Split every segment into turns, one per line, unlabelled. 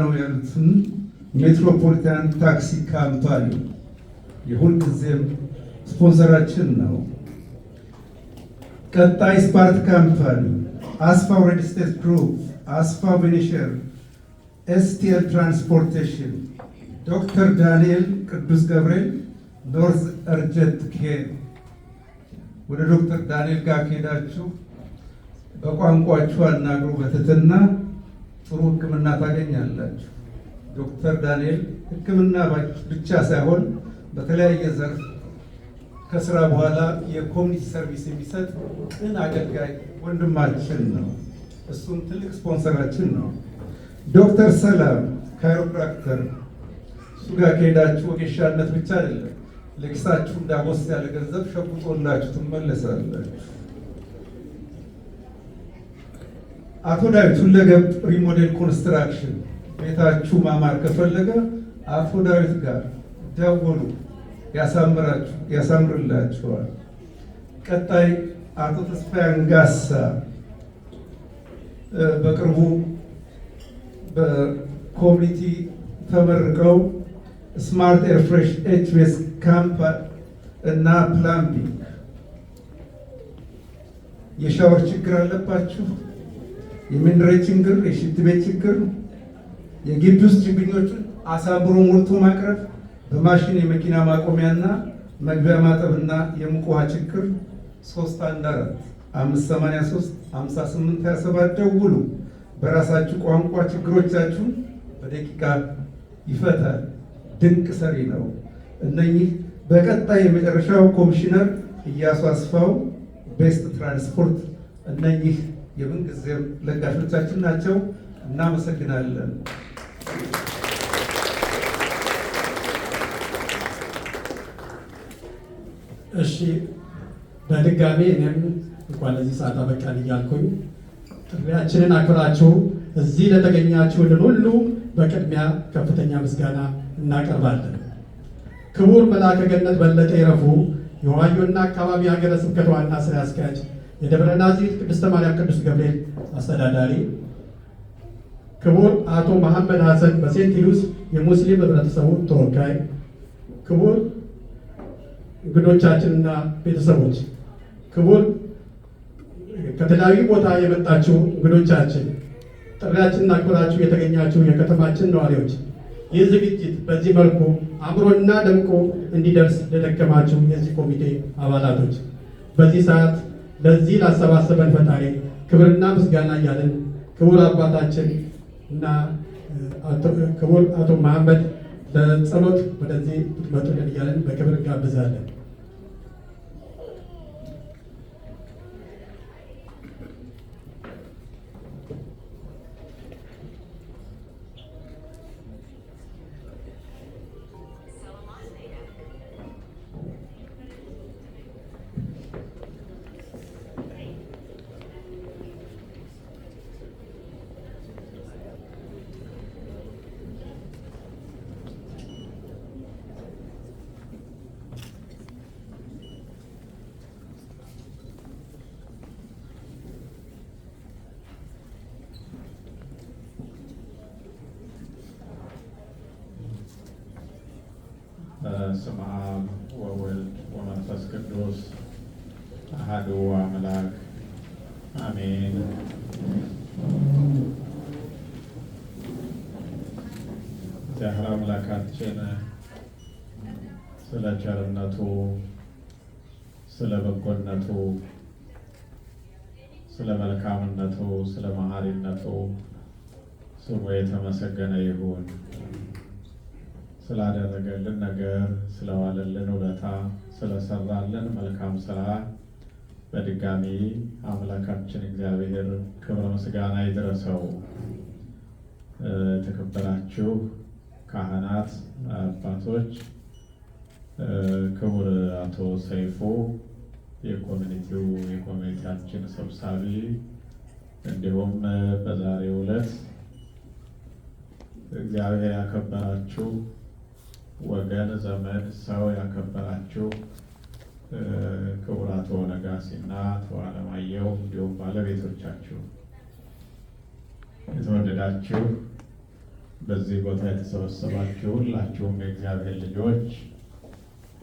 ነው ያሉትን ሜትሮፖሊታን ታክሲ ካምፓኒ ጊዜም ስፖንሰራችን ነው። ቀጣይ ስፓርት ካምፓኒ፣ አስፋ ሬል ስቴት ግሩፕ፣ አስፋ ቤኔሸር፣ ኤስቲኤል ትራንስፖርቴሽን፣ ዶክተር ዳንኤል ቅዱስ ገብርኤል ኖርዝ እርጀት ኬር ወደ ዶክተር ዳንኤል ጋር ከሄዳችሁ በቋንቋችሁ አናግሩ በትህትና ጥሩ ሕክምና ታገኛላችሁ። ዶክተር ዳንኤል ሕክምና ብቻ ሳይሆን በተለያየ ዘርፍ ከስራ በኋላ የኮሚኒቲ ሰርቪስ የሚሰጥ ቅን አገልጋይ ወንድማችን ነው። እሱም ትልቅ ስፖንሰራችን ነው። ዶክተር ሰላም ካይሮፕራክተር እሱ ጋር ከሄዳችሁ ወጌሻነት ብቻ አይደለም፣ ለኪሳችሁ እንዳጎስ ያለ ገንዘብ ሸጉጦላችሁ ትመለሳላችሁ። አቶ ዳዊት ሁለገብ ሪሞዴል ኮንስትራክሽን ቤታችሁ ማማር ከፈለገ አቶ ዳዊት ጋር ደውሉ፣ ያሳምርላችኋል። ቀጣይ አቶ ተስፋዬ አንጋሳ በቅርቡ በኮሚኒቲ ተመርቀው ስማርት ኤርፍሬሽ ኤችቤስ ካምፕ እና ፕላምቢንግ የሻወር ችግር አለባችሁ የመንደሬ ችግር፣ የሽንት ቤት ችግር፣ የግቢ ውስጥ ችግኞችን አሳብሮ ሞልቶ ማቅረብ፣ በማሽን የመኪና ማቆሚያና መግቢያ ማጠብና የሙቅ ውሃ ችግር ሶስት አንድ አራት አምስት ሰማንያ ሶስት ሀምሳ ስምንት ሀያ ሰባት ደውሉ። በራሳችሁ ቋንቋ ችግሮቻችሁን በደቂቃ ይፈታል። ድንቅ ሰሪ ነው። እነኚህ በቀጣይ የመጨረሻው ኮሚሽነር እያሱ አስፋው ቤስት ትራንስፖርት እነኚህ የምንጊዜም ለጋሾቻችን ናቸው። እናመሰግናለን። እሺ በድጋሜ እኔም እንኳን ለዚህ ሰዓት አበቃን እያልኩኝ ጥሪያችንን አክብራችሁ እዚህ ለተገኛችሁልን ሁሉ በቅድሚያ ከፍተኛ ምስጋና እናቀርባለን። ክቡር መልአከ ገነት በለጠ ይረፉ የዋዮና አካባቢ ሀገረ ስብከት ዋና ስራ አስኪያጅ የደብረ ናዝሬት ቅድስተ ማርያም ቅዱስ ገብርኤል አስተዳዳሪ ክቡር አቶ መሐመድ ሀሰን በሴንት ሉዊስ የሙስሊም ህብረተሰቡ ተወካይ፣ ክቡር እንግዶቻችንና ቤተሰቦች፣ ክቡር ከተለያዩ ቦታ የመጣችሁ እንግዶቻችን፣ ጥሪያችንን አክብራችሁ የተገኛችሁ የከተማችን ነዋሪዎች፣ ይህ ዝግጅት በዚህ መልኩ አምሮና ደምቆ እንዲደርስ ለደከማችሁ የዚህ ኮሚቴ አባላቶች በዚህ ሰዓት ለዚህ ላሰባሰበን ፈጣሪ ክብርና ምስጋና እያለን ክቡር አባታችን እና ክቡር አቶ መሐመድ ለጸሎት ወደዚህ ትመጡልን እያለን በክብር ጋብዛለን።
በስመ አብ ወወልድ ወመንፈስ ቅዱስ አሐዱ አምላክ አሜን። እግዚአብሔር አምላካችን ስለ ቸርነቱ፣ ስለ በጎነቱ፣ ስለ መልካምነቱ፣ ስለ መሐሪነቱ ስሙ የተመሰገነ ይሁን። ስላደረገልን ነገር፣ ስለዋለልን ውለታ፣ ስለሰራልን መልካም ስራ በድጋሚ አምላካችን እግዚአብሔር ክብረ ምስጋና ይድረሰው። የተከበራችሁ ካህናት አባቶች፣ ክቡር አቶ ሰይፉ የኮሚኒቲው የኮሚኒቲያችን ሰብሳቢ እንዲሁም በዛሬው ዕለት እግዚአብሔር ያከበራችሁ ወገን ዘመድ ሰው ያከበራችሁ ክቡራቶ ነጋሲና ተዋለማየሁ እንዲሁም ባለቤቶቻችሁ የተወደዳችሁ በዚህ ቦታ የተሰበሰባችሁ ሁላችሁም የእግዚአብሔር ልጆች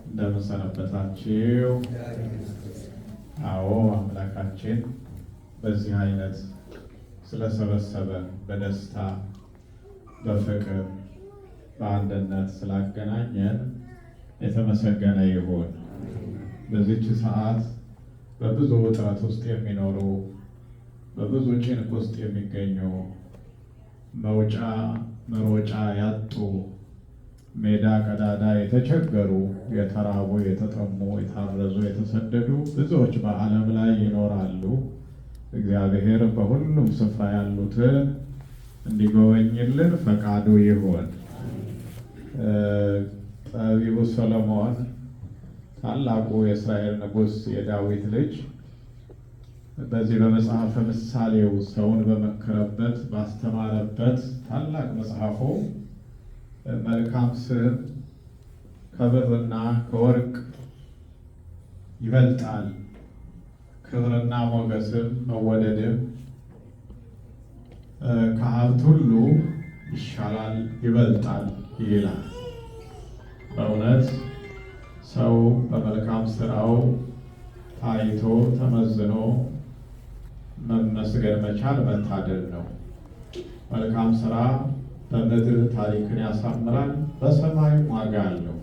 እንደምን ሰነበታችሁ? አዎ አምላካችን በዚህ አይነት ስለሰበሰበ በደስታ በፍቅር በአንድነት ስላገናኘን የተመሰገነ ይሁን። በዚች ሰዓት በብዙ ውጥረት ውስጥ የሚኖሩ በብዙ ጭንቅ ውስጥ የሚገኙ መውጫ መሮጫ ያጡ ሜዳ ቀዳዳ የተቸገሩ የተራቡ፣ የተጠሙ፣ የታረዙ፣ የተሰደዱ ብዙዎች በዓለም ላይ ይኖራሉ። እግዚአብሔር በሁሉም ስፍራ ያሉትን እንዲጎበኝልን ፈቃዱ ይሆን። ጠቢቡ ሰሎሞን ታላቁ የእስራኤል ንጉስ የዳዊት ልጅ በዚህ በመጽሐፈ ምሳሌው ሰውን በመከረበት ባስተማረበት ታላቅ መጽሐፉ መልካም ስም ከብርና ከወርቅ ይበልጣል፣ ክብርና ሞገስም መወደድም ከሀብት ሁሉ ይሻላል፣ ይበልጣል ይላል። በእውነት ሰው በመልካም ስራው ታይቶ ተመዝኖ መመስገን መቻል መታደል ነው። መልካም ስራ በምድር ታሪክን ያሳምራል፣ በሰማይ ዋጋ አለው።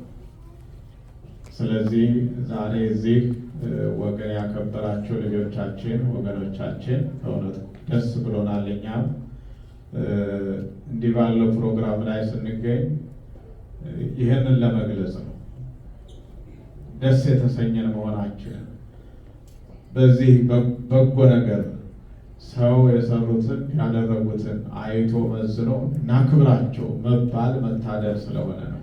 ስለዚህ ዛሬ እዚህ ወገን ያከበራችሁ ልጆቻችን፣ ወገኖቻችን በእውነት ደስ ብሎናል እኛም እንዲህ ባለው ፕሮግራም ላይ ስንገኝ ይህንን ለመግለጽ ነው። ደስ የተሰኘን መሆናችን በዚህ በጎ ነገር ሰው የሰሩትን ያደረጉትን አይቶ መዝኖ ክብራቸው መባል መታደል ስለሆነ ነው።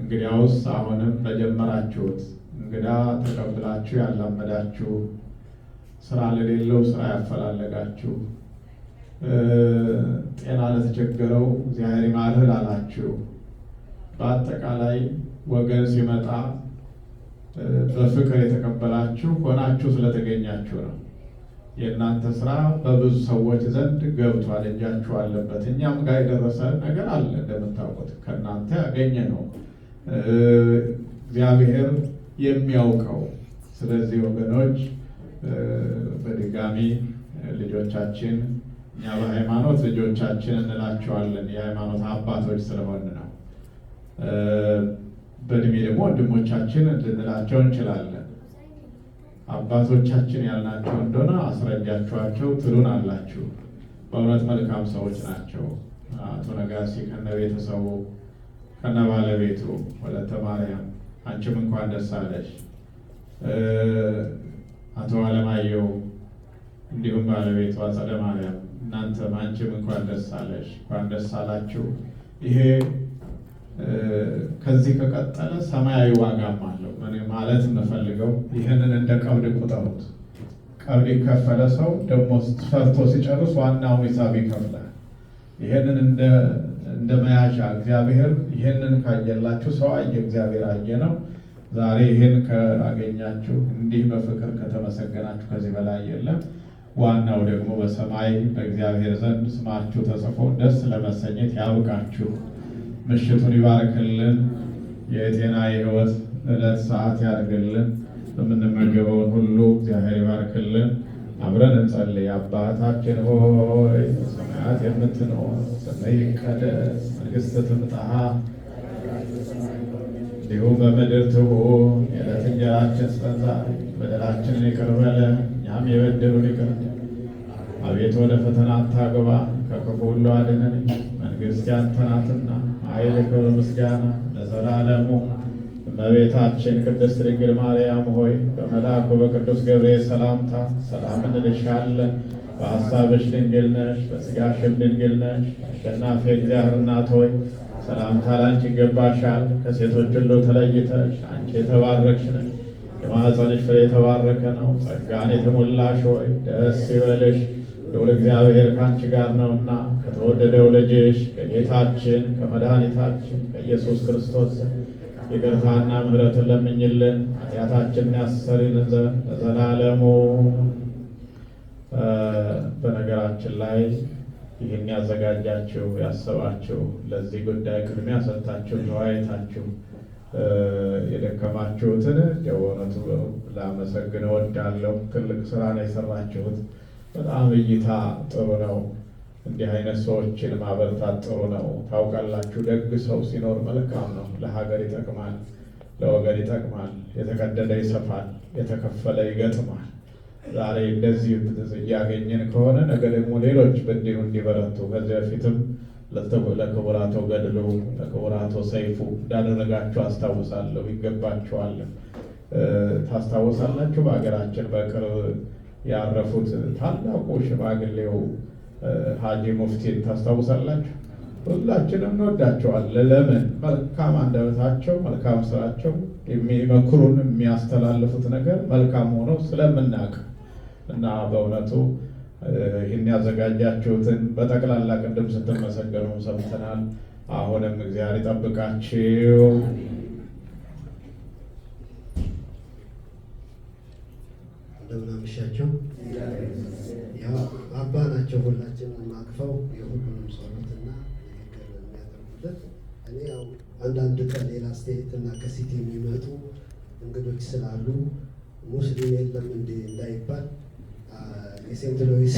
እንግዲያውስ አሁንም በጀመራችሁት እንግዳ ተቀብላችሁ ያላመዳችሁ ስራ ለሌለው ስራ ያፈላለጋችሁ ጤና ለተቸገረው እግዚአብሔር ይማርህ ላላችሁ፣ በአጠቃላይ ወገን ሲመጣ በፍቅር የተቀበላችሁ ሆናችሁ ስለተገኛችሁ ነው። የእናንተ ስራ በብዙ ሰዎች ዘንድ ገብቷል፣ እጃችሁ አለበት። እኛም ጋር የደረሰ ነገር አለ። እንደምታውቁት ከእናንተ ያገኘ ነው እግዚአብሔር የሚያውቀው። ስለዚህ ወገኖች በድጋሚ ልጆቻችን እኛ በሃይማኖት ልጆቻችን እንላቸዋለን የሃይማኖት አባቶች ስለሆን ነው። በእድሜ ደግሞ ወንድሞቻችን ልንላቸው እንችላለን። አባቶቻችን ያልናቸው እንደሆነ አስረጃችኋቸው ትሉን አላችሁ። በእውነት መልካም ሰዎች ናቸው። አቶ ነጋሲ ከነ ቤተሰቡ ከነ ባለቤቱ ወለተ ማርያም፣ አንቺም እንኳን ደስ አለሽ። አቶ አለማየሁ እንዲሁም ባለቤቷ ጸደ ማርያም እናንተ ማንችም እንኳን ደስ አለሽ፣ እንኳን ደስ አላችሁ። ይሄ ከዚህ ከቀጠለ ሰማያዊ ዋጋም አለው። እኔ ማለት የምፈልገው ይህንን እንደ ቀብድ ቁጠሩት። ቀብድ የከፈለ ሰው ደግሞ ሰርቶ ሲጨርስ ዋናው ሂሳብ ይከፍላል። ይህንን እንደ መያዣ እግዚአብሔር ይህንን ካየላችሁ ሰው አየ፣ እግዚአብሔር አየ ነው። ዛሬ ይህን ካገኛችሁ እንዲህ በፍቅር ከተመሰገናችሁ ከዚህ በላይ የለም። ዋናው ደግሞ በሰማይ በእግዚአብሔር ዘንድ ስማችሁ ተጽፎ ደስ ለመሰኘት ያብቃችሁ። ምሽቱን ይባርክልን። የጤና የህይወት ዕለት ሰዓት ያድርግልን። የምንመገበውን ሁሉ እግዚአብሔር ይባርክልን። አብረን እንጸልይ። አባታችን ሆይ ሰማያት የምትኖር ስምህ ይቀደስ፣ መንግስት ትምጣ፣ እንዲሁም በምድር ትሁን። የዕለት እንጀራችንን ስጠን ዛሬ፣ በደላችንን ይቅር በለን እኛም የበደሉን ይቅር አቤት፣ ወደ ፈተና አታግባ፣ ከክፉ ሁሉ አድነን። መንግሥት ያንተ ናትና ኃይል፣ ክብር፣ ምስጋና ለዘላለሙ። እመቤታችን ቅድስት ድንግል ማርያም ሆይ በመልአኩ በቅዱስ ገብርኤል ሰላምታ ሰላም እንልሻለን። በሐሳብሽ ድንግል ነሽ፣ በሥጋሽም ድንግል ነሽ። አሸናፊ እግዚአብሔር እናት ሆይ ሰላምታ ላንቺ ይገባሻል። ከሴቶች ሁሉ ተለይተሽ አንቺ የተባረክሽ ነሽ የማኅፀንሽ ፍሬ የተባረከ ነው። ጸጋን የተሞላሽ ሆይ ደስ ይበልሽ፣ ልዑል እግዚአብሔር ካንቺ ጋር ነውና ከተወደደው ልጅሽ ከጌታችን ከመድኃኒታችን ከኢየሱስ ክርስቶስ ይቅርታና ምሕረትን ለምኝልን ኃጢአታችንን ያስተሰርይልን ዘንድ ለዘላለሙ። በነገራችን ላይ ይህን ያዘጋጃችሁ ያሰባችሁ ለዚህ ጉዳይ ቅድሚያ ሰጥታችሁ ተወያይታችሁ የደከማችሁትን ደወነቱ ላመሰግን እወዳለሁ። ትልቅ ስራ ነው የሰራችሁት። በጣም እይታ ጥሩ ነው። እንዲህ አይነት ሰዎችን ማበርታት ጥሩ ነው። ታውቃላችሁ፣ ደግ ሰው ሲኖር መልካም ነው። ለሀገር ይጠቅማል፣ ለወገን ይጠቅማል። የተቀደደ ይሰፋል፣ የተከፈለ ይገጥማል። ዛሬ እንደዚህ እያገኘን ከሆነ ነገ ደግሞ ሌሎች በእንዲሁ እንዲበረቱ ከዚህ በፊትም ለክቡር አቶ ገድሉ ለክቡር አቶ ሰይፉ እንዳደረጋችሁ አስታውሳለሁ። ይገባችኋል። ታስታውሳላችሁ። በሀገራችን በቅርብ ያረፉት ታላቁ ሽማግሌው ሀጂ ሙፍቲን ታስታውሳላችሁ። ሁላችንም እንወዳቸዋል። ለምን መልካም አንደበታቸው፣ መልካም ስራቸው፣ የሚመክሩን የሚያስተላልፉት ነገር መልካም ሆኖ ስለምናውቅ እና በእውነቱ ይህን ያዘጋጃችሁትን በጠቅላላ ቅድም ስትመሰገኑ ሰምተናል። አሁንም እግዚአብሔር ይጠብቃችሁ።
እንደምን አመሻችሁ። ያው አባ ናቸው ሁላችንም አቅፈው የሁሉንም ጸሎትና ንግግር የሚያደርጉበት እኔ ያው አንዳንድ ቀን ሌላ ስቴትና ከሲቲ የሚመጡ እንግዶች ስላሉ ሙስሊም የለም እንዳይባል የሴንት ሎዊስ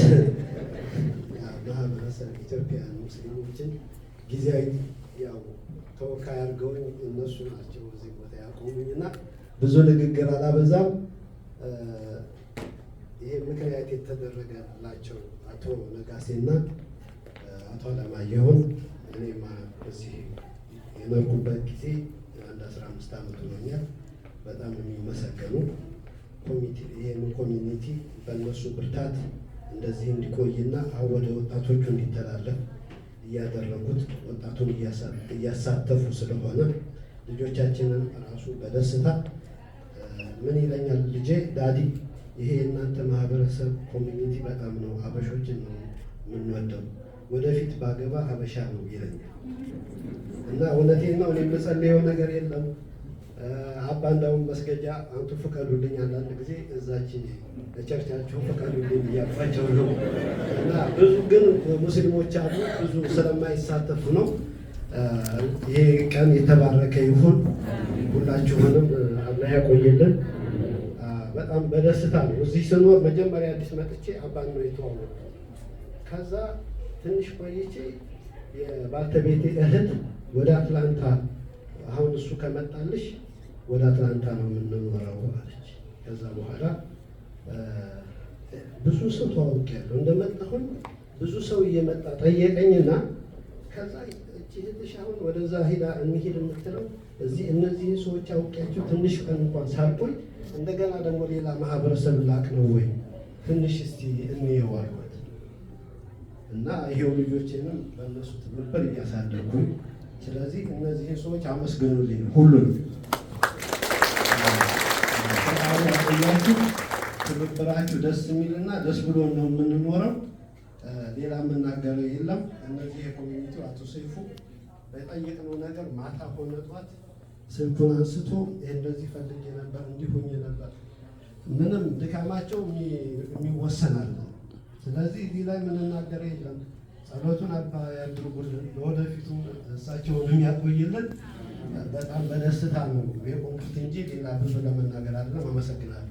ማህበረሰብ ኢትዮጵያ ሙስሊሞችን ጊዜያዊ ያው ተወካይ አድርገውኝ እነሱ ናቸው እዚህ ቦታ ያቆሙኝ እና ብዙ ንግግር አላበዛም። ይሄ ምክንያት የተደረገላቸው አቶ ነጋሴና አቶ አለማየሁን እኔማ እዚህ የመርኩበት ጊዜ አንድ አስራ አምስት ዓመት ሆኖኛል። በጣም የሚመሰገኑ ይህንን ኮሚኒቲ በእነሱ ብርታት እንደዚህ እንዲቆይና አሁን ወደ ወጣቶቹ እንዲተላለፍ እያደረጉት ወጣቱን እያሳተፉ ስለሆነ ልጆቻችንን ራሱ በደስታ ምን ይለኛል ልጄ ዳዲ፣ ይሄ የእናንተ ማህበረሰብ ኮሚኒቲ በጣም ነው አበሾችን ነው የምንወደው፣ ወደፊት ባገባ ሀበሻ ነው ይለኛል። እና እውነቴን ነው እኔ የምጸልየው ነገር የለም አባ እንዳውም መስገጃ አንቱ ፍቀዱልኝ፣ አንዳንድ ጊዜ እዛች ለቸርቻችሁ ፍቀዱልኝ እያልኳቸው ነው። እና ብዙ ግን ሙስሊሞች አሉ ብዙ ስለማይሳተፉ ነው። ይሄ ቀን የተባረከ ይሁን። ሁላችሁንም አላህ ያቆየልን። በጣም በደስታ ነው እዚህ ስኖር መጀመሪያ አዲስ መጥቼ አባን ነው ከዛ ትንሽ ቆይቼ የባልተቤቴ እህት ወደ አትላንታ አሁን እሱ ከመጣልሽ ወደ አትላንታ ነው የምንኖረው አለች። ከዛ በኋላ ብዙ ሰው ያለው እንደመጣሁን ብዙ ሰው እየመጣ ጠየቀኝና ከዛ እህትሽ አሁን ወደዛ ሄዳ እንሄድ የምትለው እዚህ እነዚህ ሰዎች አውቄያቸው ትንሽ ቀን እንኳን ሳልቆይ እንደገና ደግሞ ሌላ ማህበረሰብ ላቅ ነው ወይ ትንሽ እስቲ እንየው እና ይሄው ልጆቼንም በእነሱ ትብብር እያሳደጉ ስለዚህ እነዚህ ሰዎች አመስግኑልኝ ሁሉንም ስለቆያችሁ ትብብራችሁ ደስ የሚልና ደስ ብሎ ነው የምንኖረው። ሌላ የምናገረው የለም። እነዚህ የኮሚኒቲው አቶ ሰይፉ በጠየቅነው ነገር ማታ ሆነ ጧት ስልኩን አንስቶ እንደዚህ ፈልጌ ነበር እንዲሆኝ ነበር። ምንም ድካማቸው የሚወሰናል። ስለዚህ እዚህ ላይ የምንናገረው የለም። ጸሎቱን አባ ያድርጉልን፣ ለወደፊቱ እሳቸውን የሚያቆይልን በጣም በደስታ ነው የቆምኩት እንጂ ሌላ ብዙ ለመናገር አይደለም። አመሰግናለሁ።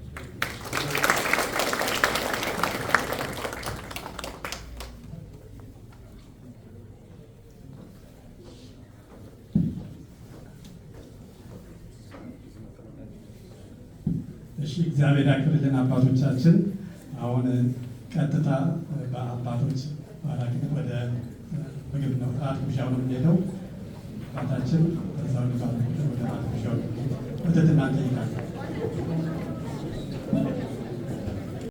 እሺ፣ እግዚአብሔር ያክብርልን አባቶቻችን። አሁን ቀጥታ በአባቶች ባላግን ወደ ምግብ ነው ራት ብቻ ነው የምንሄደው አባታችን 我得得拿第一。